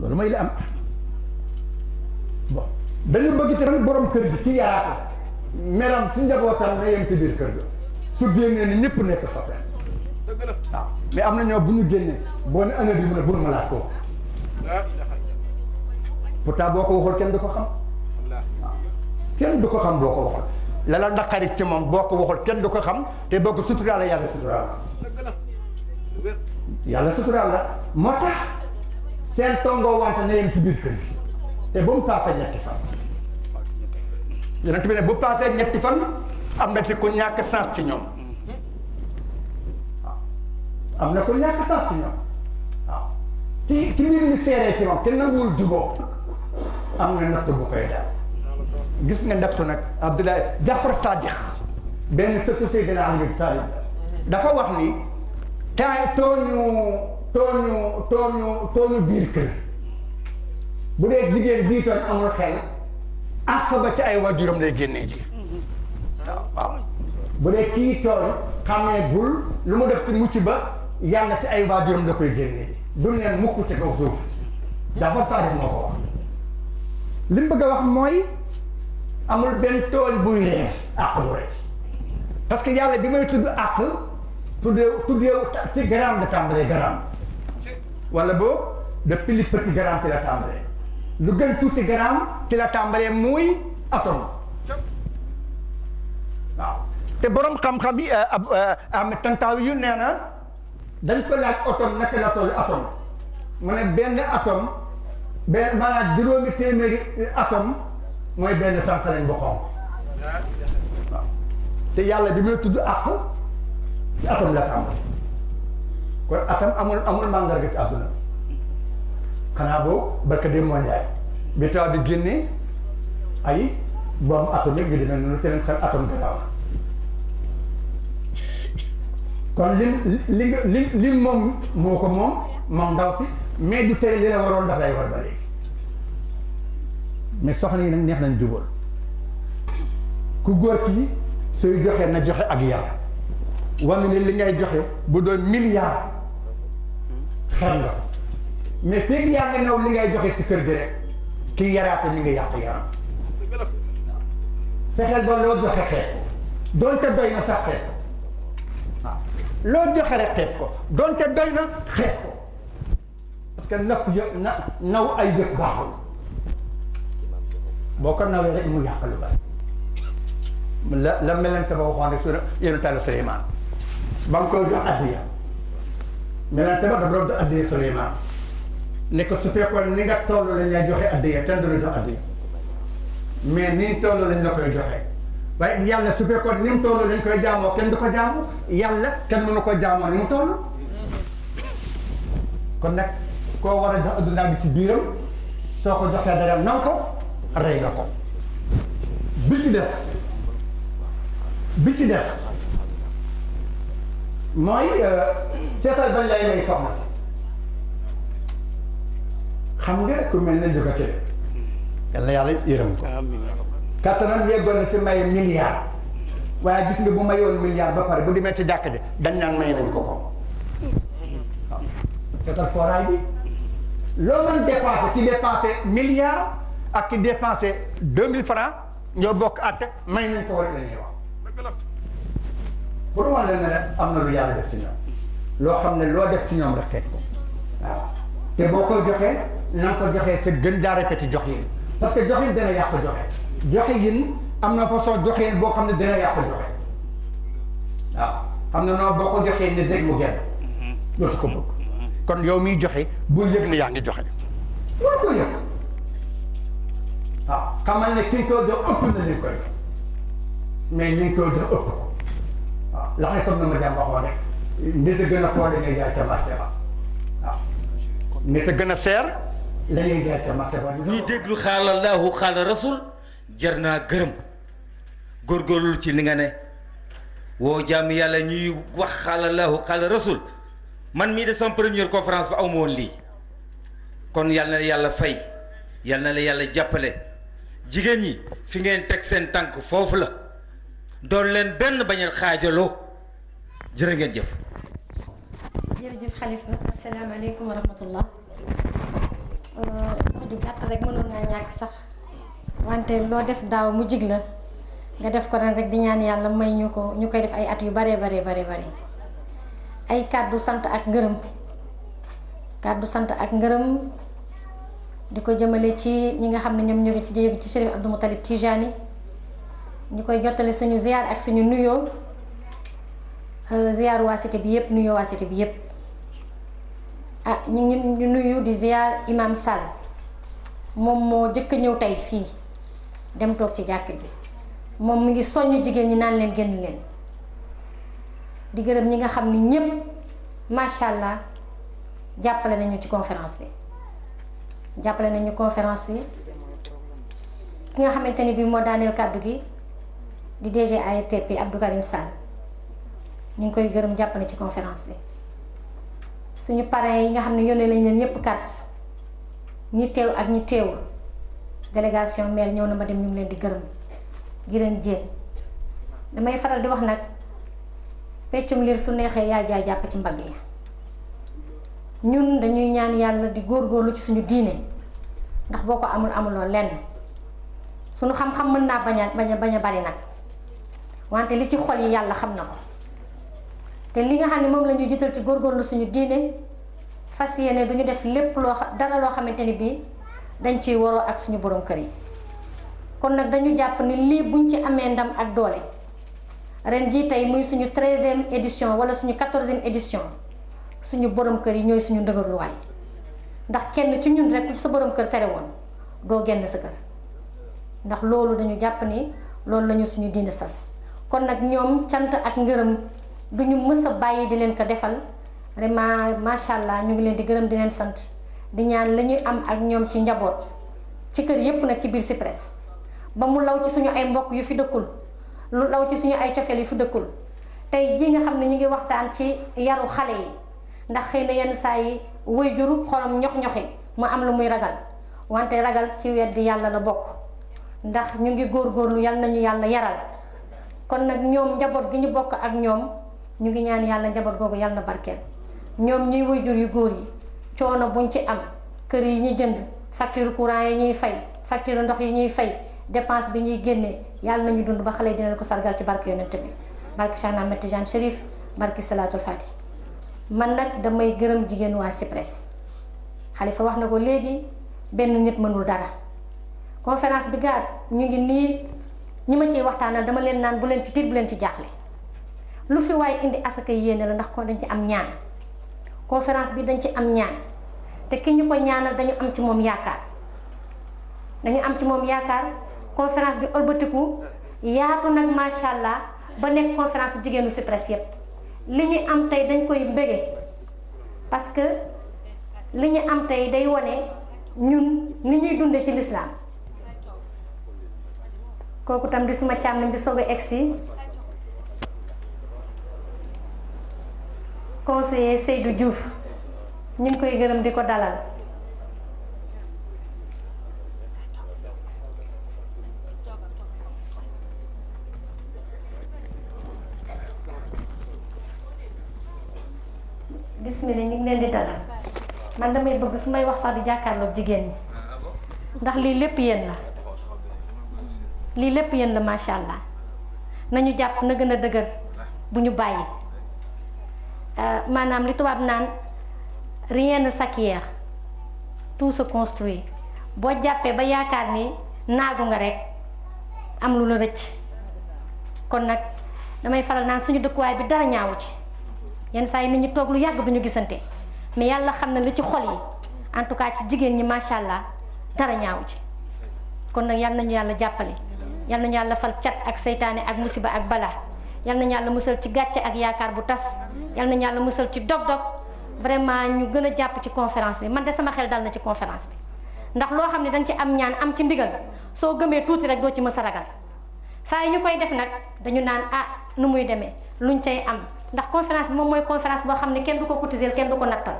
loolu mooy li am bon dañu bëgg tamit borom kër gi ci yaraata meram ci njabootam na yem ci biir kër ga su génnee nekk soppe waaw mais am na ñoo bu ma laaj ko pourtant kenn du ko xam du ko xam boo ko waxul la la du ko xam te boo ko suturaal la yàlla suturaal la yàlla seen tongoo wante na yem ci biir kër gi te bu mu paasee fan yonent bi bu paasee ñetti fan am na ci ku ñàkk sens ci ñoom waaw am na ku ñàkk sens ci ñoom waaw ci ci mbir mi seeree ci moom te nanguwul juboo am na natt bu koy daal gis nga nattu nag Abdoulaye Jafar Sadiq benn sëtu Seydina Ali Talib dafa wax ni temps tooñu tooñu tooñu biir kër bu dee jigéen bii toon amul xel àq ba ci ay waajuram lay génnee ji bu dee kii tooñ xamee bul lu mu def ci ba yàlla ci ay waajuram la koy génnee ji du ne mukk ci kaw suuf dafa faari moo ko wax li mu bëgg a wax mooy amul benn tooñ buy reer àq bu rek parce que yàlla bi may tudd àq tuddee tuddee ci garaam da tàmbalee garaam wala boo de plus petit gramme ci la tàmbalee lu gën tuuti gramme ci la muy atome te borom xam-xam euh, am euh, tantaaw yu nee na dañ ko laaj atome naka la toll atome mu ne benn atome benn maanaam juróomi euh, te yàlla bi muy tudd àq la tàmbalee kon atam amul amul màndarga ci àdduna bi xanaa boobu barka dee moo njaay bi taw bi génnee ay bombe atomique bi dina noonu te kon li li li moom moo ko moom moom ndaw si mais du tey li la waroon daf lay war ba léegi mais soxna yi nag neex nañ jubal ku góor kii sooy joxe na joxe ak yar wane ne li ngay joxe bu doon milliard xel nga mais feeg yaa nga naw li ngay joxe ci kër gi rek kii yaraate ni nga yàq yaram fexeel ba loo joxe xeeb ko doonte doy na sax xeeb ko waaw loo joxe rek xeeb ko doonte doy na xeeb ko parce que naf yëpp na naw ay yëpp baaxul boo ko nawee rek mu yàq lu bari la la melante ba waxoon ne su yéen taal Suleymaan ba mu koy jox addiya melante ba dafa doon addiya Suleymaan ne ko su fekkoon ni nga toll lañ lay joxe addiya kenn du la jox addiya mais ni toll lañ la koy joxe waaye yàlla su fekkoon ni mu toll lañ koy jaamoo kenn du ko jaamu yàlla kenn mënu ko jaamoo ni mu toll kon nag koo war a jox addunaa bi ci biiram soo ko joxee dara nan ko rey nga ko bi ci des bi ci des mooy seetal eh, bañ lay may soxna xam nga ku mel ne Nduga Kebe yàlla yàlla yërëm ko kattanam yeggoon na ci may milliard waaye gis nga bu mayoon milliard ba pare bu demee ci jàkk ji dañ naan may nañ ko ko waaw seetal fooraay bi loo mën dépensé ki dépensé milliard ak ki dépensé deux mille francs ñoo bokk àtte may nañ ko war a ñuy wax pour wan la ne am na lu yàlla def ci ñoom loo xam ne loo def ci ñoom rek teg ko waaw te boo ko joxee na nga ko joxee te gën daa répété jox yin parce que jox yin dana yàq joxe joxe yin am na façon joxe yin boo xam ne dana yàq joxe waaw xam ne noonu boo ko joxee nit rek mu genn dootu ko bëgg kon yow miy joxe bul yëg ne yaa ngi joxe boo ko yëg waaw xamal ne ki nga ko jox ëpp na li koy mais ñu ngi ko jox ëpp ko la may nit a gën a foole ngay seer la déglu xaala laahu xaala rasul jar naa gërëm góorlu ci li nga ne woo jàmm yàlla ñuy wax xaala laahu xaala rasul man mii de sama première conférence ba aw ma lii kon yàlla na la yàlla fay yal na la yàlla jàppale jigéen ñi fi ngeen teg seen tànk foofu la dool leen benn bañal xaajaloo jërë ngeen jëf. jërëjëf xalifa asalaamaaleykum wa rahmatullah euh, ju gàtt rek mënoon naa ñàkk sax wante loo def daaw mu jig la nga def ko ren rek di ñaan yàlla may ñu ko ñu koy def ay at yu baree baree baree bare ay kàddu sant ak ngërëm kàddu sant ak ngërëm di ko jëmale ci ñi nga xam ne ñoom ñoo ngi ci Chérif Abdou Moutalib Tijani ñu koy jottali suñu ziar ak suñu nuyoo euh, ziar waa cité bi yëpp nuyoo waa bi yëpp ah ñu ngi nuyu di ziar imam Sall moom moo jëkk ñëw tey fii dem toog ci jàkk ji moom mu ngi soññ jigéen ñi naan leen génn leen di gërëm ñi nga xam ni ñëpp macha allah jàppale nañu ci conférence bi jàppale nañu conférence bi ki nga xamante ni bii moo daaneel kàddu gi. di DG ARTP Abdou Karim Sall ñi ngi koy gërëm jàppale ci conférence bi suñu paré yi nga xamné yone yónnee lañ delegasi ñëpp carte ñi téw ak ñi téw délégation maire ñëw na ma dem ñu ngi leen di gërëm gi leen jéem damay faral di wax nak péccum lir su nexé ya jaay japp ci mbagg yi ya. ñun dañuy ñaan yalla di gur ci suñu diiné ndax boko amul amul lo lenn suñu xam-xam mëna naa baña baña bari nak wante li ci xol yi yàlla xam na ko te li nga xam ne moom la ñu jiital ci góorgóorlu suñu diine fas yéene du ñu def lépp loo dara loo xamante ni bii dañ ciy waroo ak suñu borom kër yi kon nag dañu jàpp ni lii buñ ci amee ndam ak doole ren jii tey muy suñu treizième édition wala suñu quatorzième édition suñu borom kër yi ñooy suñu ndëgërluwaay ndax kenn ci ñun rek borom kër tere woon doo génn sa kër ndax loolu dañu jàpp ni loolu lañu suñu diine sas kon nag ñoom cant ak ngërëm du ñu mësa a bàyyi di leen ko defal vraiment macha allah ñu ngi leen di gërëm di leen sant di ñaan la ñuy am ak ñoom ci njaboot ci kër yépp nag ci biir Sipres ba mu law ci suñu ay mbokk yu fi dëkkul lu law ci suñu ay cofeel yu fi dëkkul tey jii nga xam ne ñu ngi waxtaan ci yaru xale yi ndax xëy na yenn saa yi way juru xolam ñox-ñoxi mu am lu muy ragal wante ragal ci weddi yàlla la bokk ndax ñu ngi góorgóorlu yal nañu yàlla yaral kon nag ñoom njaboot gi ñu bokk ak ñoom ñu ngi ñaan yàlla njaboot googu yàlla na barkeel ñoom ñuy wayjur yu góor yi coono buñ ci am kër yi ñu jënd facture courant yi ñuy fay facture ndox yi ñuy fay depanse bi ñuy génnee yàlla nañu dund ba xale yi dinañ ko sargal ci barke yonent bi barke Cheikh Ahmed Tidiane Chérif barke Salatul Fatih man nag damay gërëm jigéen waa CIPRES xalifa wax na ko léegi benn nit mënul dara conférence bi gaat ñu ngi nii ñi ma ciy waxtaanal dama leen naan bu leen ci tiit bu leen ci jaaxle lu fi waaye indi asaka yéene la ndax kon dañ ci am ñaan conférence bi dañ ci am ñaan te ki ñu ko ñaanal dañu am ci moom yaakaar dañu am ci moom yaakaar conférence bi ëlbatiku yaatu nag macha allah ba nekk conférence jigéenu Sipres yépp li ñu am tey dañ koy mbége parce que li ñu am tey day wane ñun ni ñuy dunde ci lislaam koku tam di suma cham lañ di soog exi conseiller Seydou Diouf ñing koy gëreum diko dalal bismillah ñing leen di dalal man damay bëgg sumay wax sax di jàkkaarloog jigen ñi ndax li lepp yeen la lii lépp yenn la macha allah nañu jàpp na gën a dëgër bu ñu bàyyi euh, maanaam li tubaab naan rien ne tout se construit boo jàppee ba yaakaar ni naagu nga rekk am lu la rëcc kon nag damay faral naan suñu dëkkuwaay bi dara ñaawu ci yenn saa yi nit ñi toog lu yàgg bu ñu gisante mais yàlla xam na li ci xol yi en tout cas ci jigéen ñi macha allah dara ñaawu ci kon nag yàlla nañu yàlla jàppale. yal nañu yàlla fal cat ak seytaane ak musiba ak bala yal nañu yàlla musal ci gàcce ak yaakaar bu tas yal nañu yàlla musal ci dog-dog vraiment ñu gën a jàpp ci conférence bi man de sama xel dal na ci conférence bi ndax loo xam ne dañ ci am ñaan am ci ndigal soo gëmee tuuti rek doo ci mës a ragal saa yi ñu koy def nag dañu naan ah nu muy demee lu ñu cay am ndax conférence bi moom mooy conférence boo xam ne kenn du ko cotiser kenn du ko nattal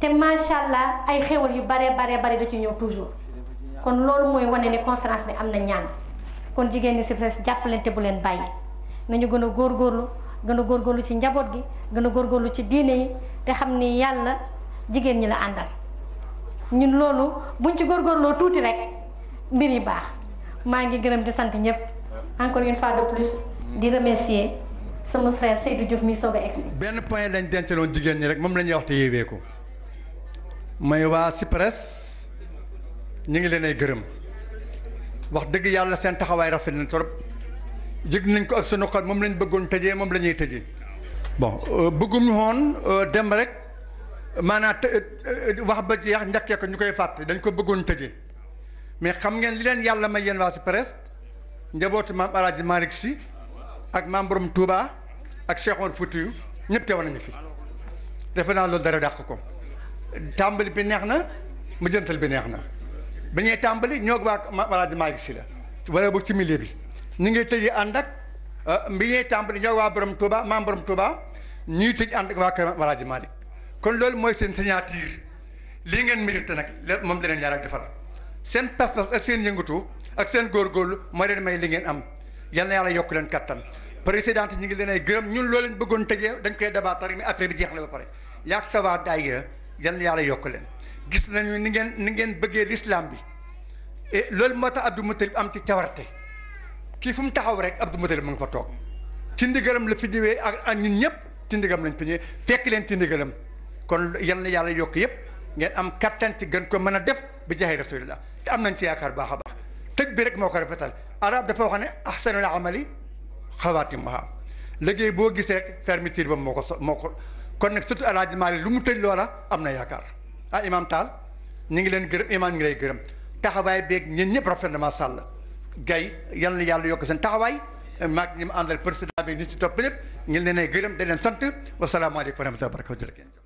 te macha allah ay xéwal yu baree bari da ci ñëw toujours kon loolu mooy wane ne conférence bi am na ñaan. kon jigen ni si fess jappalante bu len baye nañu gëna a gorlu gëna a gorlu ci njabot gi gëna a gorlu ci diine yi te xamni yalla jigen ñi la andal ñun lolu buñ ci gorlo tuuti rek mbir yi baax ma ngi gëreem di sant ñep encore une fois de plus di remercier sama frère Seydou Diouf mi soog a ben point lañ dencaloon jigen ñi rek mom lañ wax te yewé ko may waa CIPRES ñi ngi lenay gëreem wax deug yàlla sen taxaway rafet na torop yëg nañ ko ak sunu xol mom lañ bëggoon tejé mom lañuy tejé tëjee bon bëgguñu hon dem rek mana wax ba jeex njëkkee ko ñukay fàtte dañ ko bëggoon tejé mais xam ngeen li leen yàlla may yéen waa si presse njabot mam aradji malik si ak mam Borom Touba ak Cheikh on Foutiyou ñëpp té nañu fi defena naa dara dakk ko tàmbali bi neexna mu jëntal bi neexna bi ñuy tàmbali ñoo waa Maladji Malick Sy la wala bu ci milieu bi ñu ngi tëjee ànd ak mbi euh, ñuy tàmbali ñoo waa borom Touba maam borom Touba ñuy tëj ànd ak waa kër Maladji Malick kon loolu mooy seen signature lii ngeen mérité nag moom la leen yàlla defal seen pas-pas ak seen yëngatu ak seen góorgóorlu moo leen may li ngeen am yal na la yokk leen kattan présidente ñu ngi leen ay gërëm ñun loolu leen bëggoon tëjee dañ koy débattre mais affaire na ba pare yaa sa waa daayira yal na yàlla yokk leen. gis nañu ni ngeen ni ngeen bëggee l'islam bi et loolu moo tax Abdou Moutalib am ci tawarte kii fu mu taxaw rek Abdou Moutalib mu ngi fa toog ci ndigalam la fi ñëwee ak ak ñun ñëpp ci ndigalam lañ fi ñëwee fekk leen ci ndigalam kon yal na yàlla yokk yëpp ngeen am kattan ci gën ko mën a def bi jaxee rasulillah te am nañ ci yaakaar baax a baax tëj bi rek moo ko rafetal arab dafa wax ne ahsanul amali xawaatimuha liggéey boo gis rek fermeture ba moo ko moo ko kon nag surtout alaaji Maalik lu mu tëj loola am na yaakaar ah imam Tall ñu ngi leen gërëm imam ñu ngi lay gërëm taxawaay beeg ñun ñëpp rafet na macha allah gay yal na yàlla yokk seen taxawaay maag ñi mu àndal président bi ñu ci topp lépp ñu leen ay gërëm di leen sant wasalaamaaleykum wa rahmatulah wa barakatu